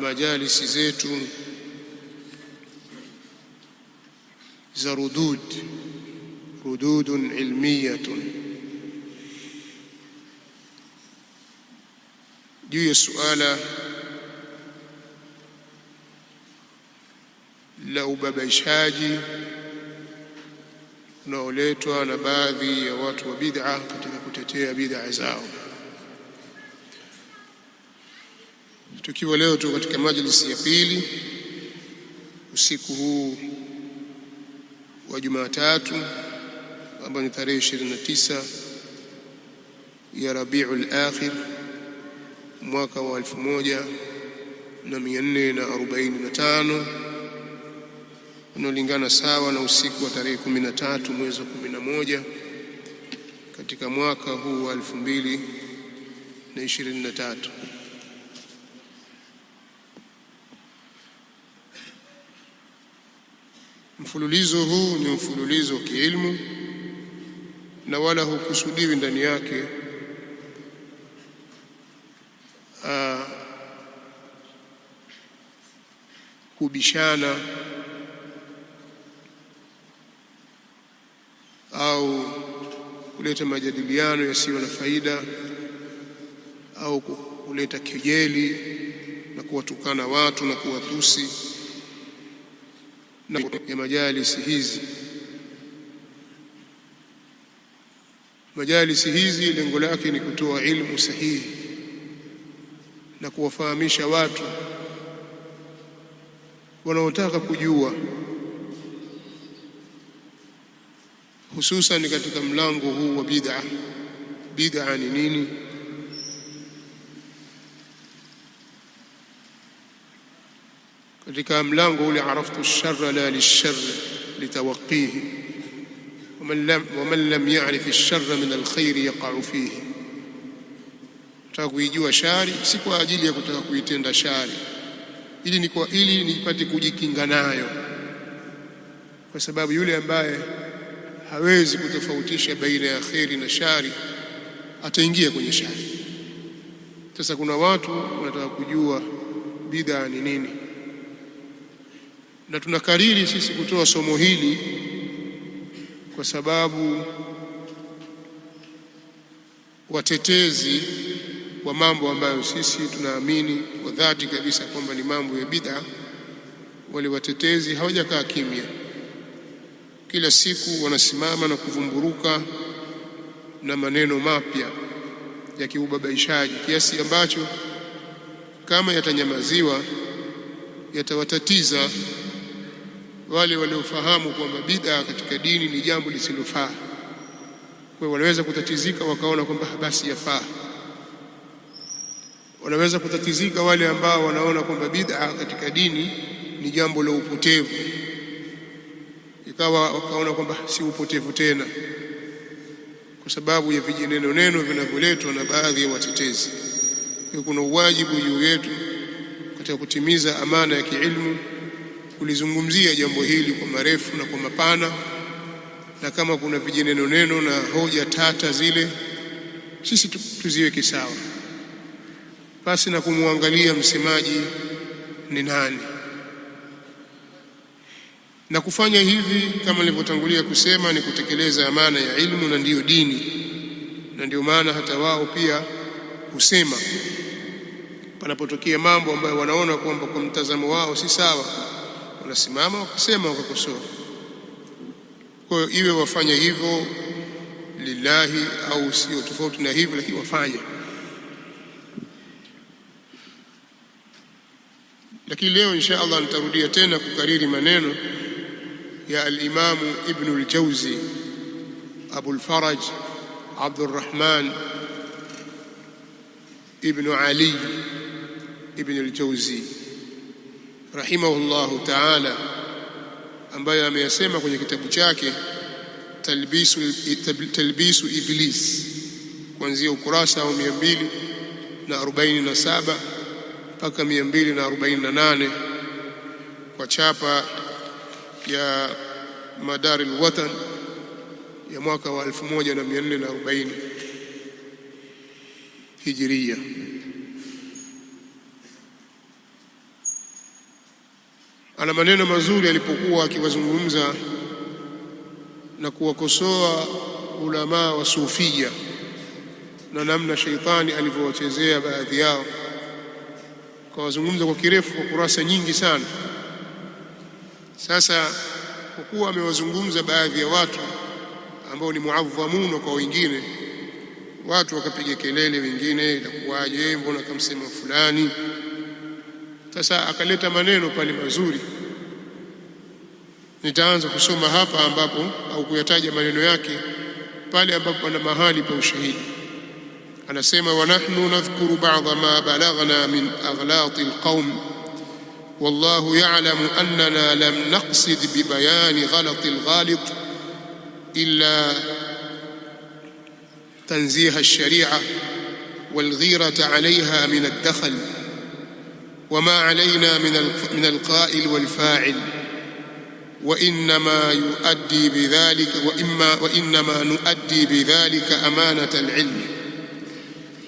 majalisi zetu za rudud rududun ilmiyatun juu ya suala la ubabaishaji unaoletwa na baadhi ya watu wa bid'a katika kutetea bid'a zao. Tukiwa leo tu katika majlisi ya pili usiku huu wa Jumatatu ambayo ni tarehe 29 ya Rabiul Akhir mwaka wa 1445 unaolingana sawa na usiku wa tarehe 13 mwezi wa 11 katika mwaka huu wa 2023. Mfululizo huu ni mfululizo wa kiilmu na wala hukusudiwi ndani yake aa, ah, kubishana au kuleta majadiliano yasiyo na faida au kuleta kejeli na kuwatukana watu na kuwatusi na ya majalisi hizi. Majalisi hizi lengo lake ni kutoa ilmu sahihi na kuwafahamisha watu wanaotaka kujua, hususan katika mlango huu wa bid'a. Bid'a ni nini? katika mlango ule, araftu lshara la lilshar litawaqihi waman lam yarif lshara min alkhairi yaqau fihi. Nataka kuijua shari, si kwa ajili ya kutaka kuitenda shari, ili ni kwa ili nipate kujikinga nayo, kwa sababu yule ambaye hawezi kutofautisha baina ya kheri na shari ataingia kwenye shari. Sasa kuna watu wanataka kujua bidhaa ni nini na tunakariri sisi kutoa somo hili kwa sababu watetezi wa mambo ambayo sisi tunaamini kwa dhati kabisa kwamba ni mambo ya bid'a, wale watetezi hawajakaa kimya, kila siku wanasimama na kuvumburuka na maneno mapya ya kiubabaishaji kiasi ambacho kama yatanyamaziwa yatawatatiza wale waliofahamu kwamba bid'a katika dini ni jambo lisilofaa. Kwa wanaweza kutatizika wakaona kwamba basi yafaa. Wanaweza kutatizika wale ambao wanaona kwamba bid'a katika dini ni jambo la upotevu, ikawa wakaona kwamba si upotevu tena, kwa sababu ya vijineno neno vinavyoletwa na baadhi ya watetezi. Kuna uwajibu juu yetu katika kutimiza amana ya kiilmu kulizungumzia jambo hili kwa marefu na kwa mapana, na kama kuna vijineno neno na hoja tata zile sisi tuziweke sawa, basi na kumwangalia msemaji ni nani, na kufanya hivi kama nilivyotangulia kusema ni kutekeleza amana ya ilmu, na ndiyo dini, na ndio maana hata wao pia husema panapotokea mambo ambayo wanaona kwamba kwa mtazamo wao si sawa wanasimama wakasema, wakakosoa. Kwa hiyo iwe wafanya hivyo lillahi au sio tofauti na hivyo, lakini wafanya. Lakini leo insha Allah nitarudia tena kukariri maneno ya alimamu Ibnu Ljauzi Abulfaraj Abdurrahman Ibnu Ali Ibnu Ljauzi rahimahullahu taala, ambayo ameyasema kwenye kitabu chake Talbisu, Talbisu Iblis kuanzia ukurasa wa mia mbili na arobaini na saba mpaka mia mbili na arobaini na nane kwa chapa ya Madari Alwatan ya mwaka wa 1440 hijiria. ana maneno mazuri alipokuwa akiwazungumza na kuwakosoa ulamaa wa sufia na namna sheitani alivyowachezea baadhi yao, kawazungumza kwa kirefu kwa kurasa nyingi sana. Sasa kwa kuwa amewazungumza baadhi ya watu ambao ni muadhamuno kwa wengine, watu wakapiga kelele, wengine itakuwaje, mbona kamsema fulani Sasa akaleta maneno pale mazuri, nitaanza kusoma hapa ambapo au kuyataja maneno yake pale ambapo pana mahali pa ushahidi. Anasema, wa nahnu nadhkuru ba'dha ma balaghna min aghlati alqaum wallahu ya'lamu annana lam naqsid bi bayani ghalati alghalit illa tanziha alshari'a walghira 'alayha min ad-dakhal وما علينا من من القائل والفاعل وإنما يؤدي بذلك وإما وإنما نؤدي بذلك أمانة العلم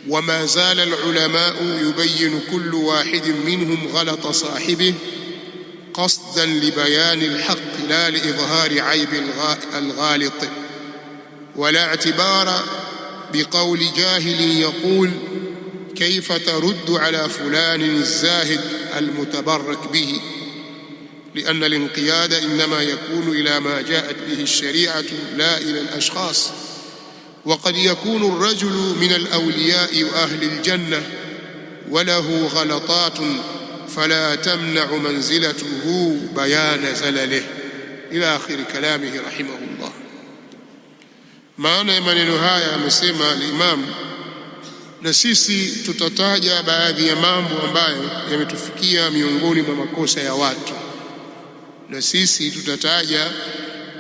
وما زال العلماء يبين كل واحد منهم غلط صاحبه قصدا لبيان الحق لا لإظهار عيب الغالط ولا اعتبار بقول جاهل يقول كيف ترد على فلان الزاهد المتبرك به لأن الانقياد إنما يكون إلى ما جاءت به الشريعة لا إلى الأشخاص وقد يكون الرجل من الأولياء وأهل الجنة وله غلطات فلا تمنع منزلته بيان زلله إلى آخر كلامه رحمه الله maana ya maneno haya amesema alimamu na sisi tutataja baadhi ya mambo ambayo yametufikia miongoni mwa makosa ya watu, na sisi tutataja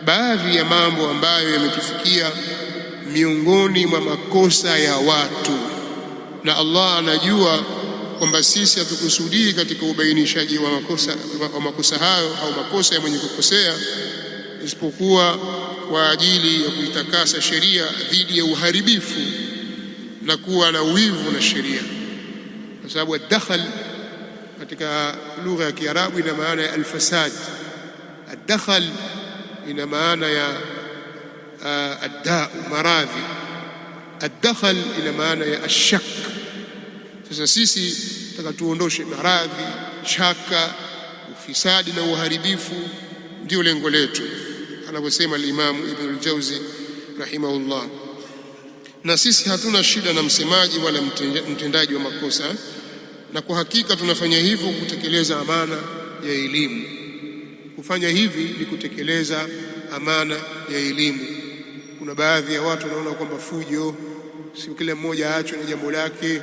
baadhi ya mambo ambayo yametufikia miongoni mwa makosa ya watu, na Allah anajua kwamba sisi hatukusudii katika ubainishaji wa makosa, wa makosa hayo au makosa ya mwenye kukosea isipokuwa kwa ajili ya kuitakasa sheria dhidi ya uharibifu na kuwa na wivu na sheria, kwa sababu adakhal katika lugha ya Kiarabu ina maana ya alfasad. adakhal ina maana ya uh, addau maradhi. adakhal ina maana ya ashak. Sasa sisi taka tuondoshe maradhi, shaka, ufisadi na uharibifu, ndio lengo letu anavyosema Alimamu Ibnul Jauzi rahimahullah na sisi hatuna shida na msemaji wala mtendaji wa makosa, na kwa hakika tunafanya hivyo kutekeleza amana ya elimu. Kufanya hivi ni kutekeleza amana ya elimu. Kuna baadhi ya watu wanaona kwamba fujo, sio kila mmoja aachwe na jambo lake,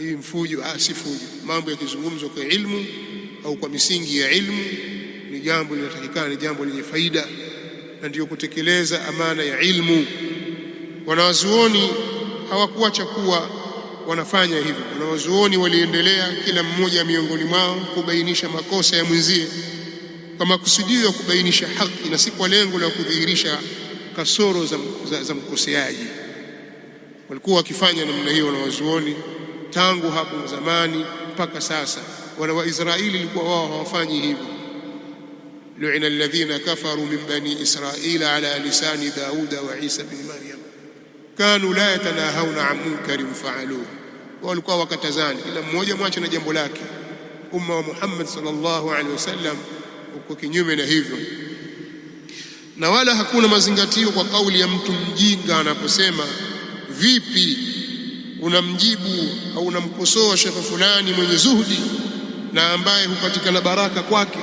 hii mfujo. Ah, si fujo. Mambo yakizungumzwa kwa ilmu au kwa misingi ya ilmu ni jambo linatakikana, ni jambo lenye faida, na ndiyo kutekeleza amana ya ilmu. Wanawazuoni hawakuacha kuwa wanafanya hivyo. Wanawazuoni waliendelea kila mmoja miongoni mwao kubainisha makosa ya mwenzie kwa makusudio ya kubainisha haki na si kwa lengo la kudhihirisha kasoro za, za, za mkoseaji. Walikuwa wakifanya namna hiyo wanawazuoni tangu hapo zamani mpaka sasa. Wana Waisraeli ilikuwa wao hawafanyi hivyo. luina alladhina kafaru min bani israila ala lisani Dauda wa Isa bin Maryam kanu la yatanahauna an munkarin faaluhu, walikuwa wakatazani, kila mmoja mwache na jambo lake. Umma wa Muhammad sallallahu alaihi wasallam uko kinyume na hivyo, na wala hakuna mazingatio kwa kauli ya mtu mjinga anaposema vipi unamjibu au unamkosoa shekhe fulani mwenye zuhudi na ambaye hupatikana baraka kwake.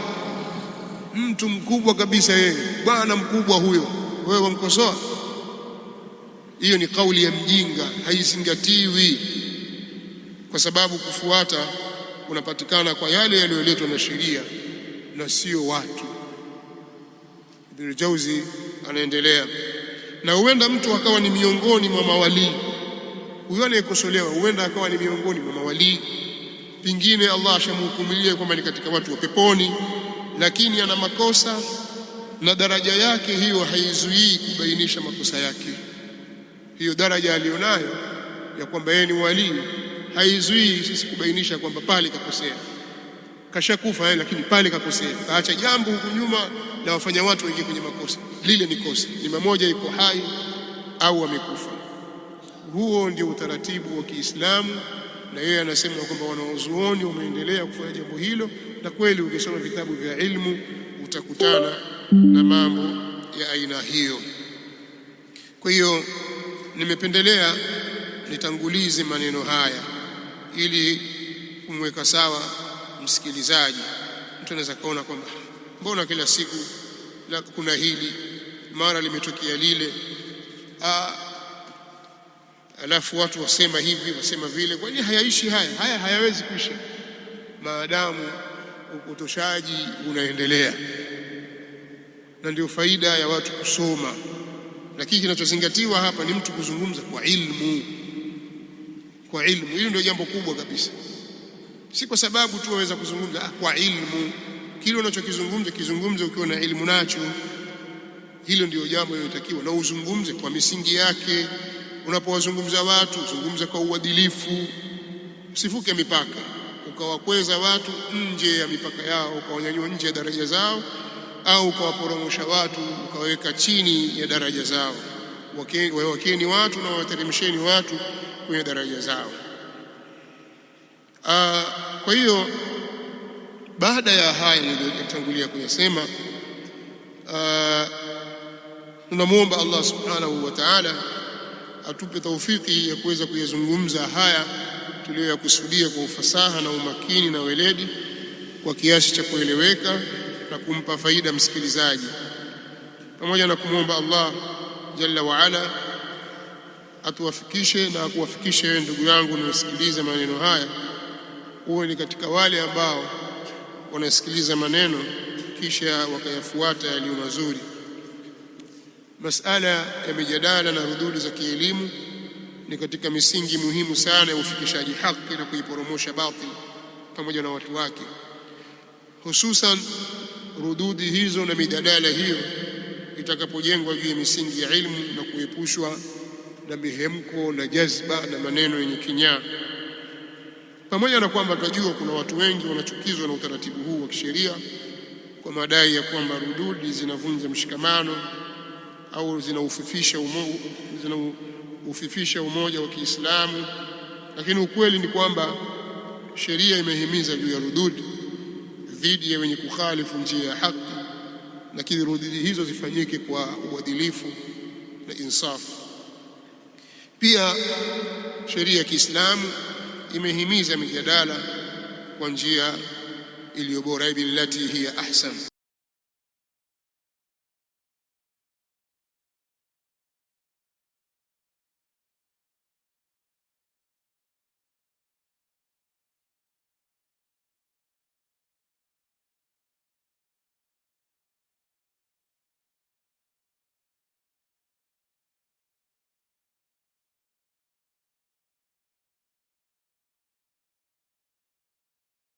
Mtu mkubwa kabisa yeye, bwana mkubwa huyo, wewe wamkosoa hiyo ni kauli ya mjinga, haizingatiwi, kwa sababu kufuata kunapatikana kwa yale yaliyoletwa na sheria na sio watu. Ibn Jauzi anaendelea na huenda mtu akawa ni miongoni mwa mawalii huyo anayekosolewa, huenda akawa ni miongoni mwa mawalii, pingine Allah ashamhukumilia kwamba ni katika watu wa peponi, lakini ana makosa na daraja yake hiyo haizuii kubainisha makosa yake hiyo daraja aliyonayo ya kwamba yeye ni walii haizuii sisi kubainisha kwamba pale kakosea, kashakufa eh, lakini pale kakosea, kaacha jambo huku nyuma na wafanya watu wengi kwenye makosa. Lile ni kosa, ni mamoja iko hai au amekufa. Huo ndio utaratibu wa Kiislamu, na yeye anasema kwamba wanaozuoni wameendelea kufanya jambo hilo, na kweli ukisoma vitabu vya ilmu utakutana na mambo ya aina hiyo. Kwa hiyo Nimependelea nitangulize maneno haya ili kumweka sawa msikilizaji. Mtu anaweza kaona kwamba mbona kila siku la kuna hili mara limetokea lile, alafu watu wasema hivi wasema vile. nini hayaishi haya haya, hayawezi kuisha maadamu upotoshaji unaendelea, na ndio faida ya watu kusoma. Lakini kinachozingatiwa hapa ni mtu kuzungumza kwa ilmu, kwa ilmu. Hili ndio jambo kubwa kabisa, si kwa sababu tu waweza kuzungumza ah, kwa ilmu. Kile unachokizungumza kizungumze ukiwa na ilmu nacho. Hilo ndio jambo linalotakiwa, na uzungumze kwa misingi yake. Unapowazungumza watu, zungumza kwa uadilifu, usivuke mipaka ukawakweza watu nje ya mipaka yao, ukawanyanyua nje ya daraja zao au ukawaporomosha watu ukaweka chini ya daraja zao. Wawekeni watu na wawateremsheni watu kwenye daraja zao. Aa, ah, kwa hiyo baada ya haya niliyotangulia kuyasema, ah, tunamwomba Allah subhanahu wa ta'ala atupe taufiki ya kuweza kuyazungumza haya tuliyoyakusudia kwa ufasaha na umakini na weledi kwa kiasi cha kueleweka na kumpa faida msikilizaji, pamoja na kumwomba Allah jalla waala atuwafikishe na akuwafikishe wewe ndugu yangu unaosikiliza maneno haya, uwe ni katika wale ambao wanasikiliza maneno kisha wakayafuata yaliyo mazuri. Masala ya mijadala na hudhuri za kielimu ni katika misingi muhimu sana ya ufikishaji haki na kuiporomosha batil pamoja na watu wake hususan rududi hizo na midadala hiyo itakapojengwa juu ya misingi ya ilmu na kuepushwa na mihemko na jazba na maneno yenye kinyaa. Pamoja na kwamba tunajua kuna watu wengi wanachukizwa na utaratibu huu wa kisheria kwa madai ya kwamba rududi zinavunja mshikamano au zinaufifisha umo, zinaufifisha umoja wa Kiislamu, lakini ukweli ni kwamba sheria imehimiza juu ya rududi dhidi ya wenye kukhalifu njia ya haki, lakini rudhi hizo zifanyike kwa uadilifu na insafu. Pia sheria ya Kiislamu imehimiza mijadala kwa njia bora, billati yaani hiya ahsan.